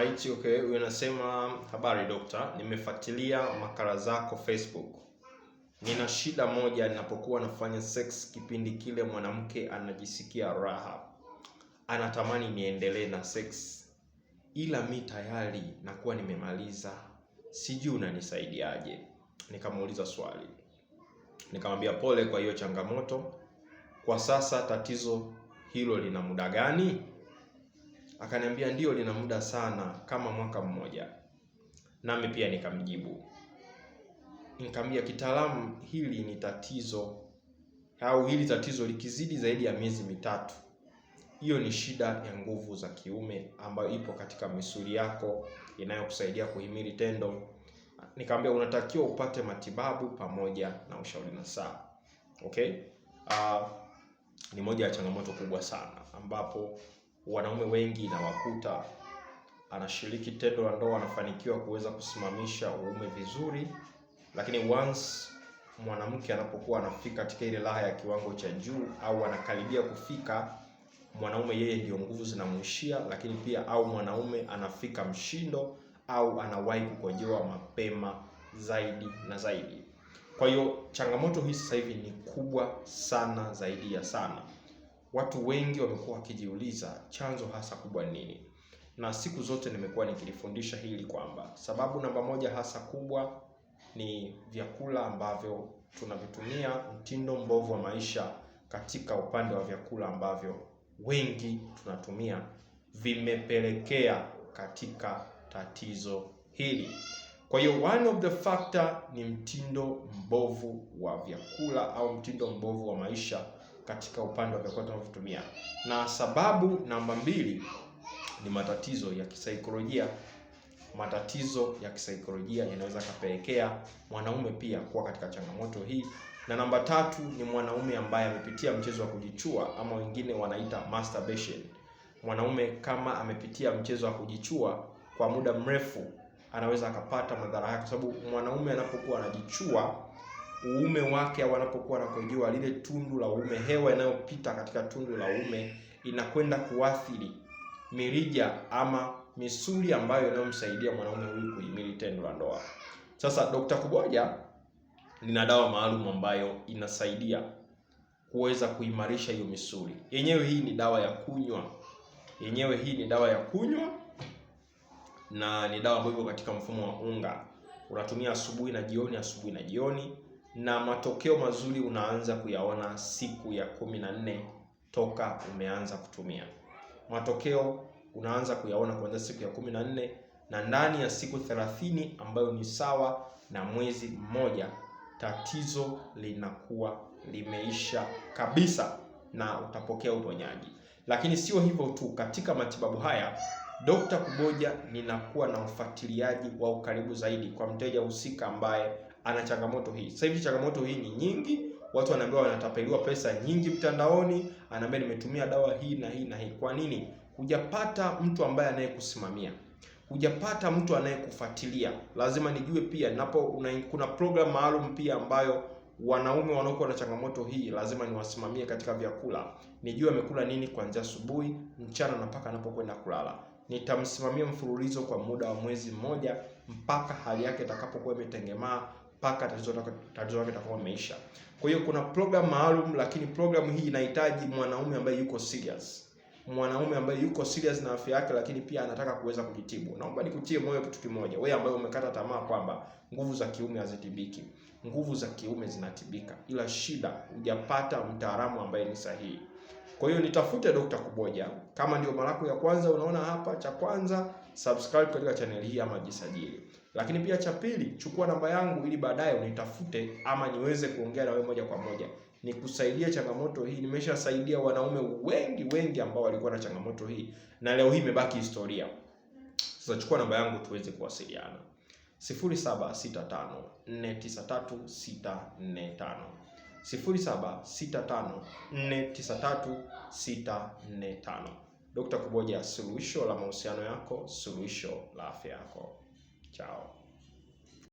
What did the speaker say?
Alright, okay. Unasema habari dokta, nimefuatilia makala zako Facebook. Nina shida moja ninapokuwa nafanya sex, kipindi kile mwanamke anajisikia raha, anatamani niendelee na sex, ila mi tayari nakuwa nimemaliza, sijui unanisaidiaje? Nikamuuliza swali, nikamwambia pole kwa hiyo changamoto. Kwa sasa tatizo hilo lina muda gani? Akaniambia ndio, lina muda sana, kama mwaka mmoja. Nami pia nikamjibu, nikamwambia kitaalamu, hili ni tatizo au hili tatizo likizidi zaidi ya miezi mitatu, hiyo ni shida ya nguvu za kiume ambayo ipo katika misuli yako inayokusaidia kuhimili tendo. Nikamwambia unatakiwa upate matibabu pamoja na ushauri na saa. Okay? Uh, ni moja ya changamoto kubwa sana ambapo wanaume wengi nawakuta anashiriki tendo la ndoa, anafanikiwa kuweza kusimamisha uume vizuri, lakini once mwanamke anapokuwa anafika katika ile raha ya kiwango cha juu au anakaribia kufika, mwanaume yeye ndio nguvu zinamuishia, lakini pia au mwanaume anafika mshindo au anawahi kukojewa mapema zaidi na zaidi. Kwa hiyo changamoto hii sasa hivi ni kubwa sana zaidi ya sana. Watu wengi wamekuwa wakijiuliza chanzo hasa kubwa ni nini, na siku zote nimekuwa nikilifundisha hili kwamba sababu namba moja hasa kubwa ni vyakula ambavyo tunavitumia, mtindo mbovu wa maisha katika upande wa vyakula ambavyo wengi tunatumia vimepelekea katika tatizo hili. Kwa hiyo one of the factor ni mtindo mbovu wa vyakula au mtindo mbovu wa maisha katika upande wa vyakula tunavyotumia. Na sababu namba mbili ni matatizo ya kisaikolojia. Matatizo ya kisaikolojia yanaweza kapelekea mwanaume pia kuwa katika changamoto hii, na namba tatu ni mwanaume ambaye amepitia mchezo wa kujichua ama wengine wanaita masturbation. Mwanaume kama amepitia mchezo wa kujichua kwa muda mrefu, anaweza akapata madhara yake, kwa sababu mwanaume anapokuwa anajichua uume wake au anapokuwa anakojoa, lile tundu la uume, hewa inayopita katika tundu la uume inakwenda kuathiri mirija ama misuli ambayo inayomsaidia mwanaume huyu kuhimili tendo la ndoa. Sasa Dokta Kuboja lina dawa maalum ambayo inasaidia kuweza kuimarisha hiyo misuli yenyewe. Hii ni dawa ya kunywa yenyewe, hii ni dawa ya kunywa na ni dawa ambayo iko katika mfumo wa unga, unatumia asubuhi na jioni, asubuhi na jioni na matokeo mazuri unaanza kuyaona siku ya kumi na nne toka umeanza kutumia. Matokeo unaanza kuyaona kuanzia siku ya kumi na nne na ndani ya siku thelathini ambayo ni sawa na mwezi mmoja, tatizo linakuwa limeisha kabisa na utapokea uponyaji. Lakini sio hivyo tu, katika matibabu haya dokta Kuboja ninakuwa na ufuatiliaji wa ukaribu zaidi kwa mteja husika ambaye ana changamoto hii. Sasa hivi changamoto hii ni nyingi, watu wanaambiwa wanatapeliwa pesa nyingi mtandaoni, anaambia nimetumia dawa hii na hii na hii. Kwa nini? Hujapata mtu ambaye anayekusimamia, hujapata mtu anayekufuatilia. Lazima nijue pia napo una, kuna program maalum pia ambayo wanaume wanaokuwa na changamoto hii lazima niwasimamie katika vyakula, nijue amekula nini kuanzia asubuhi, mchana na mpaka anapokwenda kulala. Nitamsimamia mfululizo kwa muda wa mwezi mmoja mpaka hali yake itakapokuwa imetengemaa mpaka tatizo lake litakuwa limeisha. Kwa hiyo kuna program maalum, lakini program hii inahitaji mwanaume ambaye yuko serious, mwanaume ambaye yuko serious na afya yake, lakini pia anataka kuweza kujitibu. Naomba nikutie moyo kitu kimoja, wewe ambaye umekata tamaa kwamba nguvu za kiume hazitibiki, nguvu za kiume zinatibika, ila shida hujapata mtaalamu ambaye ni sahihi. Kwa hiyo nitafute Dr. Kuboja. Kama ndio mara yako ya kwanza unaona hapa, cha kwanza subscribe katika channel hii ama jisajili, lakini pia cha pili chukua namba yangu ili baadaye unitafute ama niweze kuongea na wewe moja kwa moja nikusaidia changamoto hii. Nimeshasaidia wanaume wengi wengi ambao walikuwa na changamoto hii na leo hii imebaki historia. Sasa chukua namba yangu tuweze kuwasiliana 0765493645. 0765493645. Dr. Kuboja, suluhisho la mahusiano yako, suluhisho la afya yako. Chao.